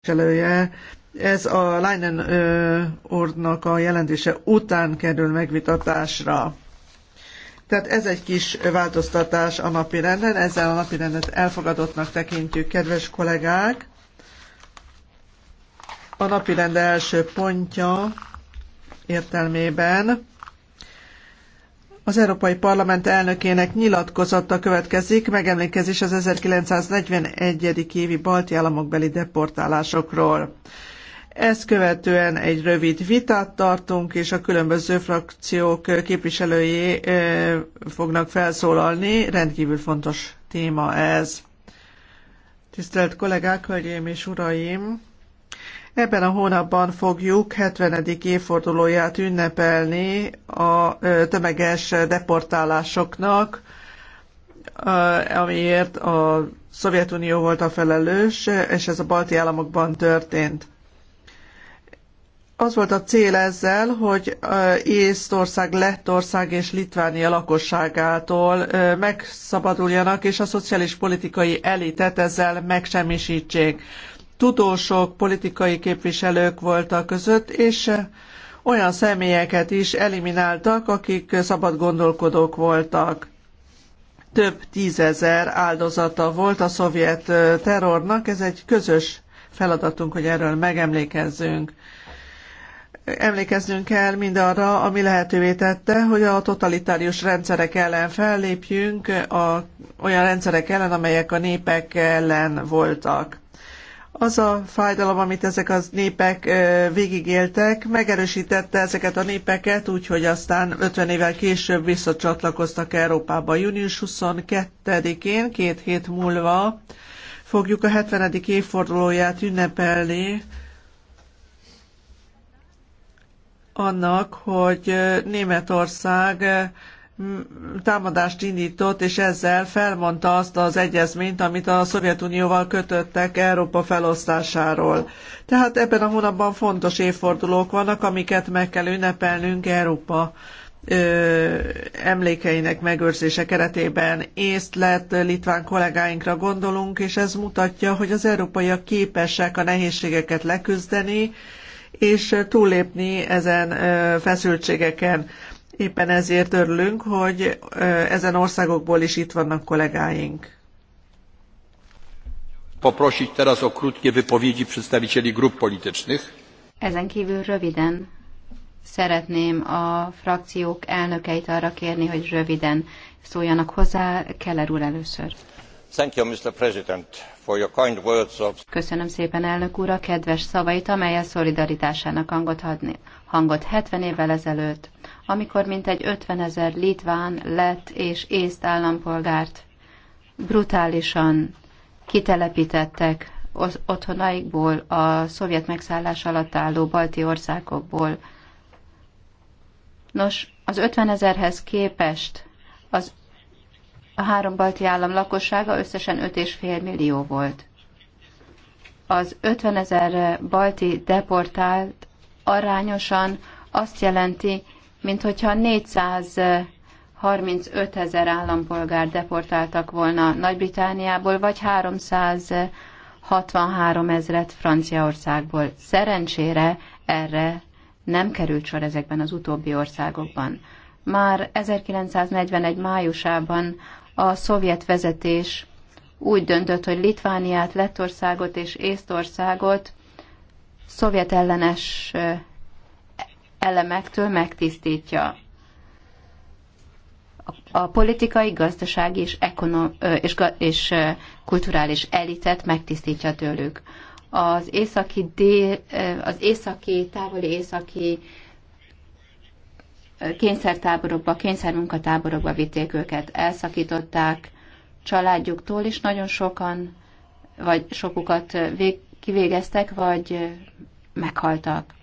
képviselője. Ez a Leinen úrnak a jelentése után kerül megvitatásra. Tehát ez egy kis változtatás a napi renden, ezzel a napi rendet elfogadottnak tekintjük, kedves kollégák. A napi rend első pontja értelmében az Európai Parlament elnökének nyilatkozata következik, megemlékezés az 1941. évi balti államokbeli deportálásokról. Ezt követően egy rövid vitát tartunk, és a különböző frakciók képviselői fognak felszólalni. Rendkívül fontos téma ez. Tisztelt kollégák, hölgyeim és uraim! Ebben a hónapban fogjuk 70. évfordulóját ünnepelni a tömeges deportálásoknak, amiért a Szovjetunió volt a felelős, és ez a balti államokban történt. Az volt a cél ezzel, hogy Észtország, Lettország és Litvánia lakosságától megszabaduljanak, és a szociális politikai elitet ezzel megsemmisítsék tudósok, politikai képviselők voltak között, és eh, olyan személyeket is elimináltak, akik szabad gondolkodók voltak. Több tízezer áldozata volt a szovjet eh, terrornak, ez egy közös feladatunk, hogy erről megemlékezzünk. Emlékezzünk kell mindarra, ami lehetővé tette, hogy a totalitárius rendszerek ellen fellépjünk, a, olyan rendszerek ellen, amelyek a népek ellen voltak. Az a fájdalom, amit ezek a népek végigéltek, megerősítette ezeket a népeket, úgyhogy aztán 50 évvel később visszacsatlakoztak Európába. Június 22-én, két hét múlva fogjuk a 70. évfordulóját ünnepelni annak, hogy Németország támadást indított, és ezzel felmondta azt az egyezményt, amit a Szovjetunióval kötöttek Európa felosztásáról. Tehát ebben a hónapban fontos évfordulók vannak, amiket meg kell ünnepelnünk Európa ö, emlékeinek megőrzése keretében észt lett litván kollégáinkra gondolunk, és ez mutatja, hogy az európaiak képesek a nehézségeket leküzdeni, és túllépni ezen feszültségeken. Éppen ezért örülünk, hogy ezen országokból is itt vannak kollégáink. Poprosić teraz o krótkie wypowiedzi przedstawicieli grup politycznych. Ezen kívül röviden szeretném a frakciók elnökeit arra kérni, hogy röviden szóljanak hozzá. Keller úr először. Köszönöm szépen, elnök úr, a kedves szavait, amelyel szolidaritásának hangot, adni, hangot 70 évvel ezelőtt, amikor mintegy 50 ezer litván, lett és észt állampolgárt brutálisan kitelepítettek otthonaikból, a szovjet megszállás alatt álló balti országokból. Nos, az 50 ezerhez képest az a három balti állam lakossága összesen 5,5 millió volt. Az 50 ezer balti deportált arányosan azt jelenti, mint 435 ezer állampolgár deportáltak volna Nagy-Britániából, vagy 363 ezret Franciaországból. Szerencsére erre nem került sor ezekben az utóbbi országokban. Már 1941. májusában a szovjet vezetés úgy döntött, hogy Litvániát, Lettországot és Észtországot szovjet ellenes elemektől megtisztítja. A politikai, gazdasági és, ekonom, és, és kulturális elitet megtisztítja tőlük. Az északi, dél, az északi, távoli északi kényszertáborokba, kényszermunkatáborokba vitték őket, elszakították családjuktól, és nagyon sokan, vagy sokukat vég, kivégeztek, vagy meghaltak.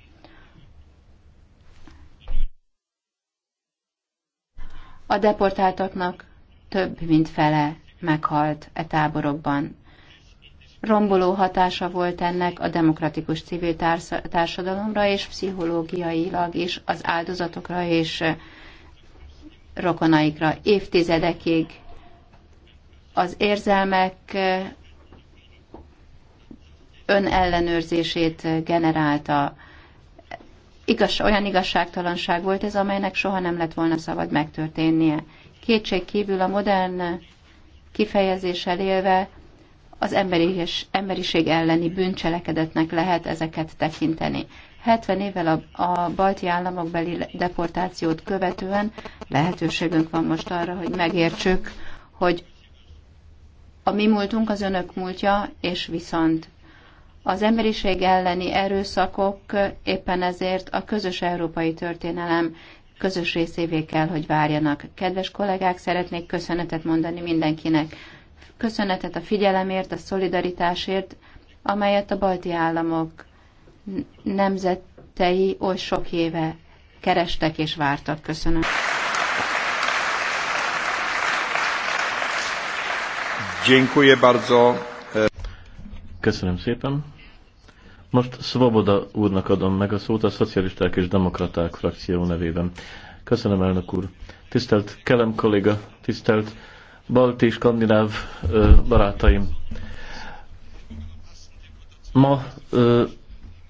A deportáltaknak több mint fele meghalt e táborokban romboló hatása volt ennek a demokratikus civil társadalomra, és pszichológiailag is az áldozatokra és rokonaikra évtizedekig az érzelmek önellenőrzését generálta. Igaz, olyan igazságtalanság volt ez, amelynek soha nem lett volna szabad megtörténnie. Kétség kívül a modern kifejezéssel élve az emberi és emberiség elleni bűncselekedetnek lehet ezeket tekinteni. 70 évvel a, a balti államok beli deportációt követően lehetőségünk van most arra, hogy megértsük, hogy a mi múltunk az önök múltja, és viszont az emberiség elleni erőszakok éppen ezért a közös európai történelem közös részévé kell, hogy várjanak. Kedves kollégák, szeretnék köszönetet mondani mindenkinek, köszönetet a figyelemért, a szolidaritásért, amelyet a balti államok nemzetei oly sok éve kerestek és vártak. Köszönöm. Dziękuję bardzo. Köszönöm szépen. Most Svoboda úrnak adom meg a szót a Szocialisták és Demokraták frakció nevében. Köszönöm, elnök úr. Tisztelt Kelem kolléga, tisztelt balti skandináv barátaim. Ma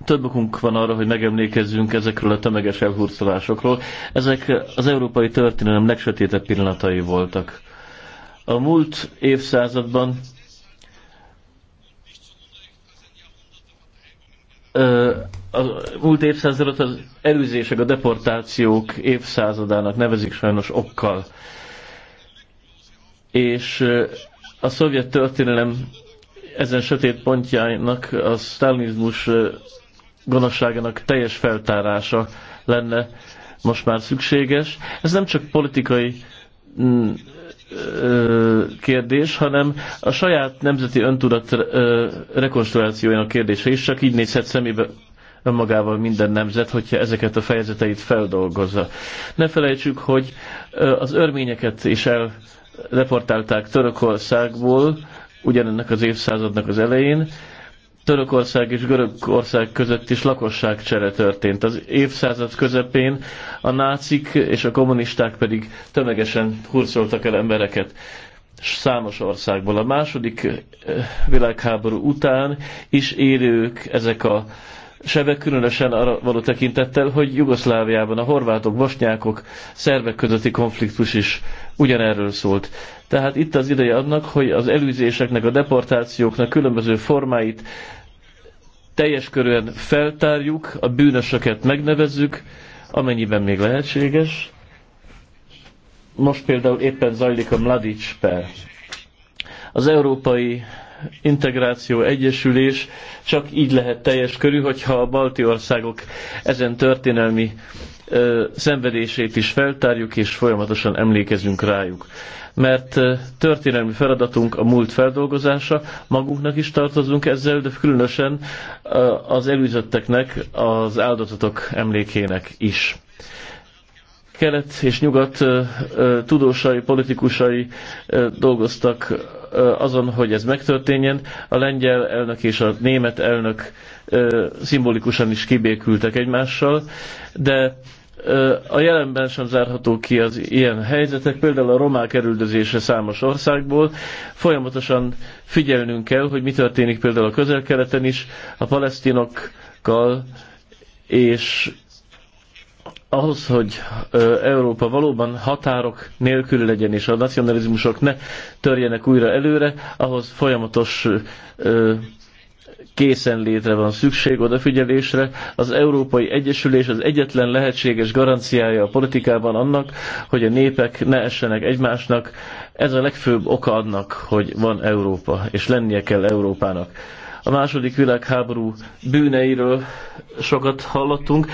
több okunk van arra, hogy megemlékezzünk ezekről a tömeges elhurcolásokról. Ezek az európai történelem legsötétebb pillanatai voltak. A múlt évszázadban a múlt évszázadot az előzések, a deportációk évszázadának nevezik sajnos okkal és a szovjet történelem ezen sötét pontjának, a sztálinizmus gonoszságának teljes feltárása lenne most már szükséges. Ez nem csak politikai mm, kérdés, hanem a saját nemzeti öntudat rekonstruációjának kérdése is, csak így nézhet szemébe önmagával minden nemzet, hogyha ezeket a fejezeteit feldolgozza. Ne felejtsük, hogy az örményeket is el deportálták Törökországból, ugyanennek az évszázadnak az elején. Törökország és Görögország között is lakosságcsere történt. Az évszázad közepén a nácik és a kommunisták pedig tömegesen hurcoltak el embereket számos országból. A második eh, világháború után is élők ezek a sebek, különösen arra való tekintettel, hogy Jugoszláviában a horvátok, bosnyákok, szervek közötti konfliktus is ugyanerről szólt. Tehát itt az ideje annak, hogy az elűzéseknek, a deportációknak különböző formáit teljes körűen feltárjuk, a bűnösöket megnevezzük, amennyiben még lehetséges. Most például éppen zajlik a Mladic per. Az európai integráció, egyesülés csak így lehet teljes körű, hogyha a balti országok ezen történelmi ö, szenvedését is feltárjuk, és folyamatosan emlékezünk rájuk. Mert ö, történelmi feladatunk a múlt feldolgozása, magunknak is tartozunk ezzel, de különösen ö, az előzötteknek, az áldozatok emlékének is kelet és nyugat tudósai, politikusai dolgoztak azon, hogy ez megtörténjen. A lengyel elnök és a német elnök szimbolikusan is kibékültek egymással, de a jelenben sem zárható ki az ilyen helyzetek, például a romák erüldözése számos országból. Folyamatosan figyelnünk kell, hogy mi történik például a közel-keleten is, a palesztinokkal és ahhoz, hogy Európa valóban határok nélkül legyen, és a nacionalizmusok ne törjenek újra előre, ahhoz folyamatos készenlétre van szükség, odafigyelésre. Az Európai Egyesülés az egyetlen lehetséges garanciája a politikában annak, hogy a népek ne essenek egymásnak. Ez a legfőbb oka annak, hogy van Európa, és lennie kell Európának. A második világháború bűneiről sokat hallottunk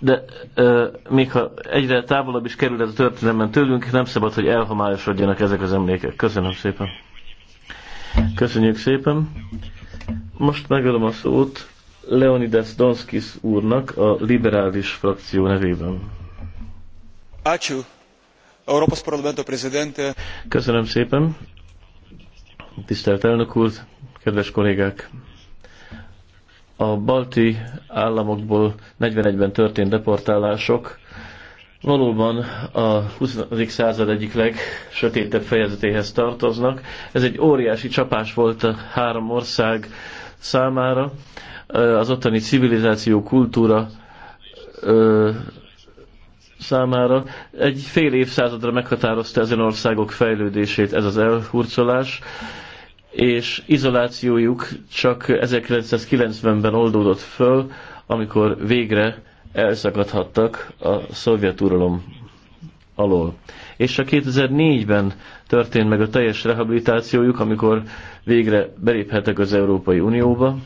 de ö, még ha egyre távolabb is kerül ez a történelemben tőlünk, nem szabad, hogy elhomályosodjanak ezek az emlékek. Köszönöm szépen. Köszönjük szépen. Most megadom a szót Leonidas Donskis úrnak a liberális frakció nevében. Ácsú, Európasz Parlamento prezidente. Köszönöm szépen. Tisztelt elnök úr, kedves kollégák, a balti államokból 41-ben történt deportálások valóban a 20. század egyik legsötétebb fejezetéhez tartoznak. Ez egy óriási csapás volt a három ország számára. Az ottani civilizáció, kultúra számára. Egy fél évszázadra meghatározta ezen országok fejlődését ez az elhurcolás és izolációjuk csak 1990-ben oldódott föl, amikor végre elszakadhattak a szovjet uralom alól. És a 2004-ben történt meg a teljes rehabilitációjuk, amikor végre beléphetek az Európai Unióba,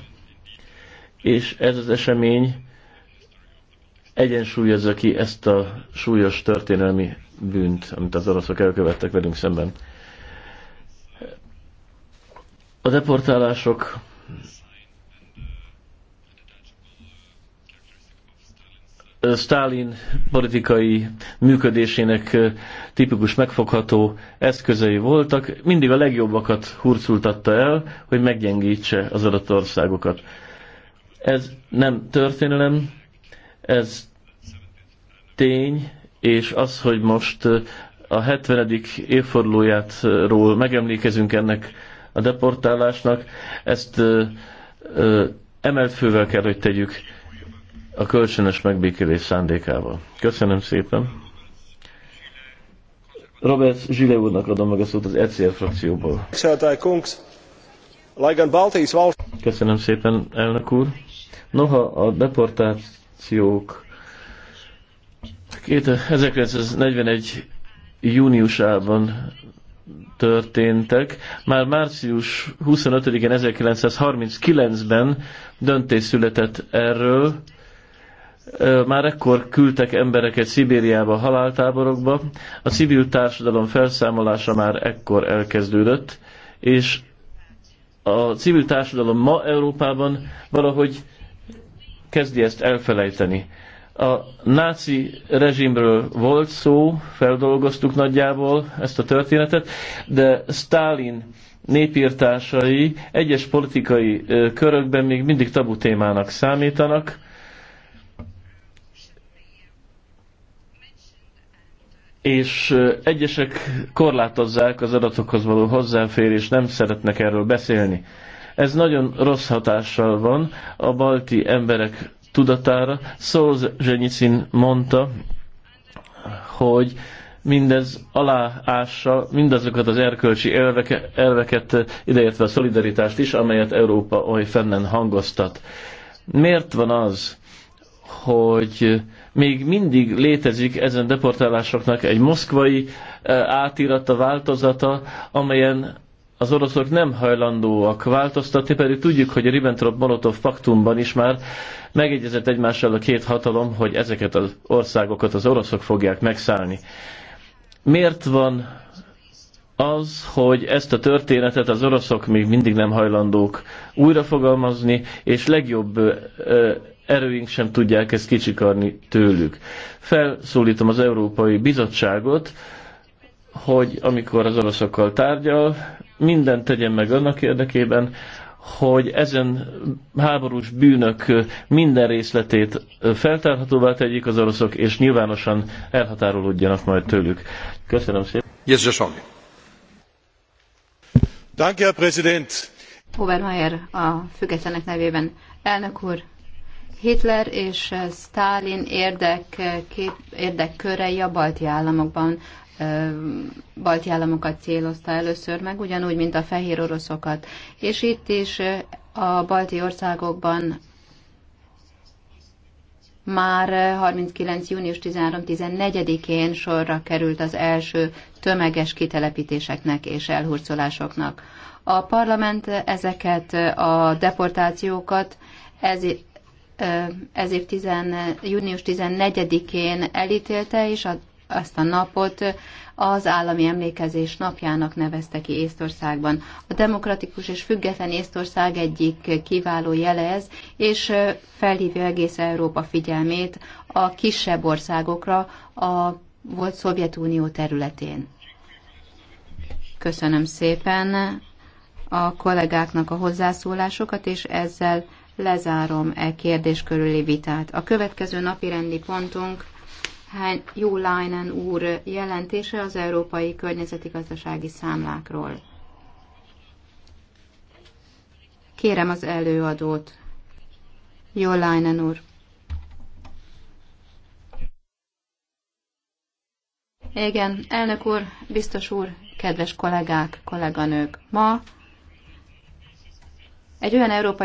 és ez az esemény egyensúlyozza ki ezt a súlyos történelmi bűnt, amit az oroszok elkövettek velünk szemben. A deportálások Stalin politikai működésének tipikus megfogható eszközei voltak, mindig a legjobbakat hurcultatta el, hogy meggyengítse az adott országokat. Ez nem történelem, ez tény, és az, hogy most a 70. évfordulójátról megemlékezünk ennek a deportálásnak, ezt ö, ö, emelt fővel kell, hogy tegyük a kölcsönös megbékélés szándékával. Köszönöm szépen. Robert Zsile úrnak adom meg a szót az ECR frakcióból. Köszönöm szépen, elnök úr. Noha a deportációk 1941. júniusában történtek. Már március 25-én 1939-ben döntés született erről. Már ekkor küldtek embereket Szibériába, haláltáborokba. A civil társadalom felszámolása már ekkor elkezdődött, és a civil társadalom ma Európában valahogy kezdi ezt elfelejteni. A náci rezsimről volt szó, feldolgoztuk nagyjából ezt a történetet, de Stalin népírtásai egyes politikai körökben még mindig tabu témának számítanak. és egyesek korlátozzák az adatokhoz való hozzáférés, nem szeretnek erről beszélni. Ez nagyon rossz hatással van a balti emberek tudatára. Zsenyicin mondta, hogy mindez aláássa mindazokat az erkölcsi elveke, elveket, ideértve a szolidaritást is, amelyet Európa oly fennen hangoztat. Miért van az, hogy még mindig létezik ezen deportálásoknak egy moszkvai eh, átirata, változata, amelyen az oroszok nem hajlandóak változtatni, pedig tudjuk, hogy a Ribbentrop-Molotov paktumban is már megegyezett egymással a két hatalom, hogy ezeket az országokat az oroszok fogják megszállni. Miért van az, hogy ezt a történetet az oroszok még mindig nem hajlandók újrafogalmazni, és legjobb erőink sem tudják ezt kicsikarni tőlük. Felszólítom az Európai Bizottságot, hogy amikor az oroszokkal tárgyal, mindent tegyen meg annak érdekében, hogy ezen háborús bűnök minden részletét feltárhatóvá tegyék az oroszok, és nyilvánosan elhatárolódjanak majd tőlük. Köszönöm szépen. Yes, Danke, Herr Präsident. Obermeier a függetlenek nevében. Elnök úr, Hitler és Stalin érdek, kép, érdekkörei a balti államokban balti államokat célozta először meg, ugyanúgy, mint a fehér oroszokat. És itt is a balti országokban már 39. június 13-14-én sorra került az első tömeges kitelepítéseknek és elhurcolásoknak. A parlament ezeket a deportációkat ez, ez év 10, június 14-én elítélte, és a azt a napot az állami emlékezés napjának nevezte ki Észtországban. A demokratikus és független Észtország egyik kiváló jele ez, és felhívja egész Európa figyelmét a kisebb országokra a volt Szovjetunió területén. Köszönöm szépen a kollégáknak a hozzászólásokat, és ezzel lezárom e kérdés körüli vitát. A következő napi rendi pontunk jó Leinen úr jelentése az európai környezeti gazdasági számlákról. Kérem az előadót. Jó Leinen úr. Igen, elnök úr, biztos úr, kedves kollégák, kolléganők. Ma egy olyan európai